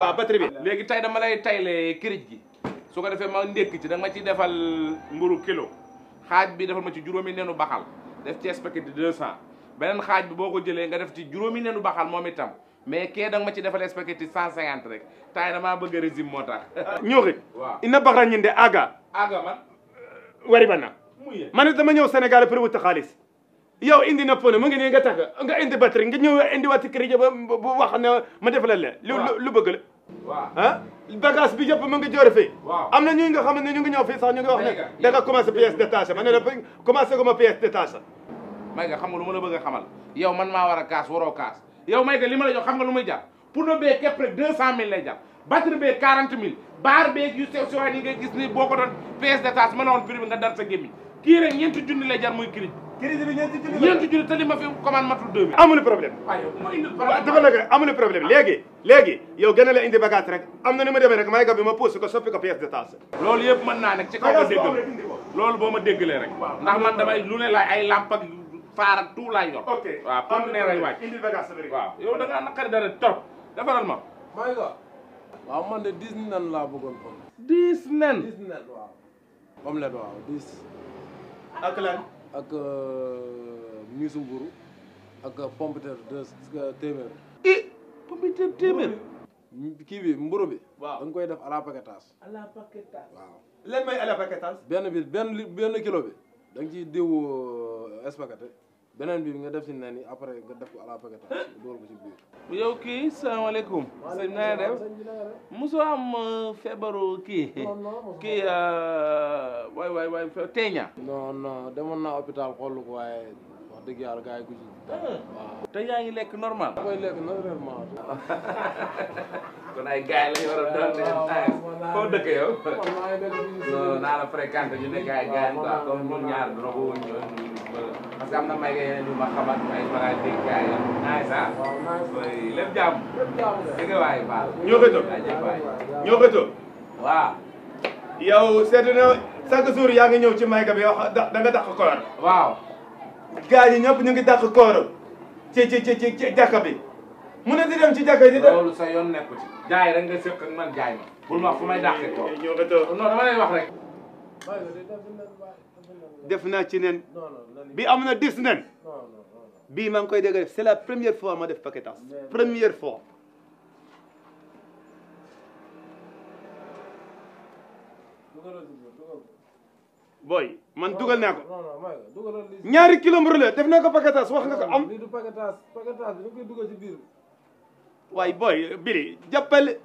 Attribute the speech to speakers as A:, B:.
A: waaw batterie bi léegi tay dama lay tayle kirij gi su ko defee ma ndékk ci da nga ma ci defal mburu kilo xaaj bi defal ma ci juróomi neenu baxal def ci spaghetti deux cent beneen xaaj bi boo ko jëlee nga def ci juróomi neenu baxal moom itam mais kee da ma ci defal spaghetti cent cinquante rek
B: tay damaa bëgg régime moo tax ñooxi waaw ina baxra de aga aga man wari banna mane dama ñëw Sénégal pour wut xaalis yow indi na pneu mo ngi nii nga tak nga indi batterie nga ñew indi wat crédit ba bu wax na ma defal la lu lu bëgg la wa ah bagage bi yëpp mo ngi jor fi amna ñu nga xamne ñu ngi ñëw fi sax ñu ngi wax ne da nga commencer pièce détachée man la commencer ko ma pièce détachée may nga
A: xamul mo la bëgg xamal yow man ma wara kaas waro kaas yow may nga lima la jox xam nga lu muy jaar pour no bé kep rek 200000 lay jaar batterie bé 40000 bar bé yu sew sewaan yi nga gis ni boko don pièce détachée man won woon prix nga dar sa gemi ki rek ñent junni lay jaar muy crédit
B: crise bi ñeenti junni
A: ñeenti ma fi commande
B: matul deux mille amuñu problème waaw dafa nag problème léegi léegi yow gën a la indi bagage rek am na ni ma demee rek may bi ma pousse ko soppi ko pièce détachée loolu yëpp mën naa nekk ci kaw ma déggal loolu boo ma déggalee rek ndax
A: man damay lu ne laay ay làmp ak faar ak tout laay yor
C: waaw pour ne ray wàcc
A: indi bagage waaw
C: yow da ngaa naqari dara trop defaral ma may nga waaw man de dix nen laa bëggoon kon dix nen dix nen waaw omelette waaw dix ak ak miisu euh, mburu ak pompiter de téeméer. i eh, pompiter téeméer. kii bi mburu bi. waaw dañ koy def à la paquetage.
A: à la
C: paquetage benn bi benn benn kilo bi da ci ciy diw espaghetti euh, beneen bi nga def si nen yi après nga def ko à la paquetage door ko ci biir. yow kii salaamaaleykum. sëñ na nga def mosoo am euh, feebaru kii kii. waaye teeña non non demoon naa hôpital xool waaye wax dëgg yàlla gars ku ci te yaa ngi lekk normal da koy lekk normalement kon ay gars yi la ñu war a doon foo dëkk yow non naa la fréquenté ñu
A: ne gars yi gars yi quoi comme ñun ko woon ñëw parce que am na may nga yeneen yu ma xamat may balaa
B: dégg chaque jour yaa ngi ñëw ci mayka bi wax da nga dàq koor waaw gars yi ñëpp ñu ngi dàq koor ci ci bi mu ne di ci jàkka yi sa yoon nekku ci jaay rek nga sëkk ak man jaay ma bul ma fu may dàqee toog non dama lay wax rek def naa ci bi am na dix nen bii maa ngi koy dégg c'est la première fois ma def paquetage première fois boy man dugal naa ko
C: ñaari kilo mburu la def
B: naa ko paquetage wax nga ko am. lii du paquetage paquetage dañ koy dugal ci bir way boy biri jappel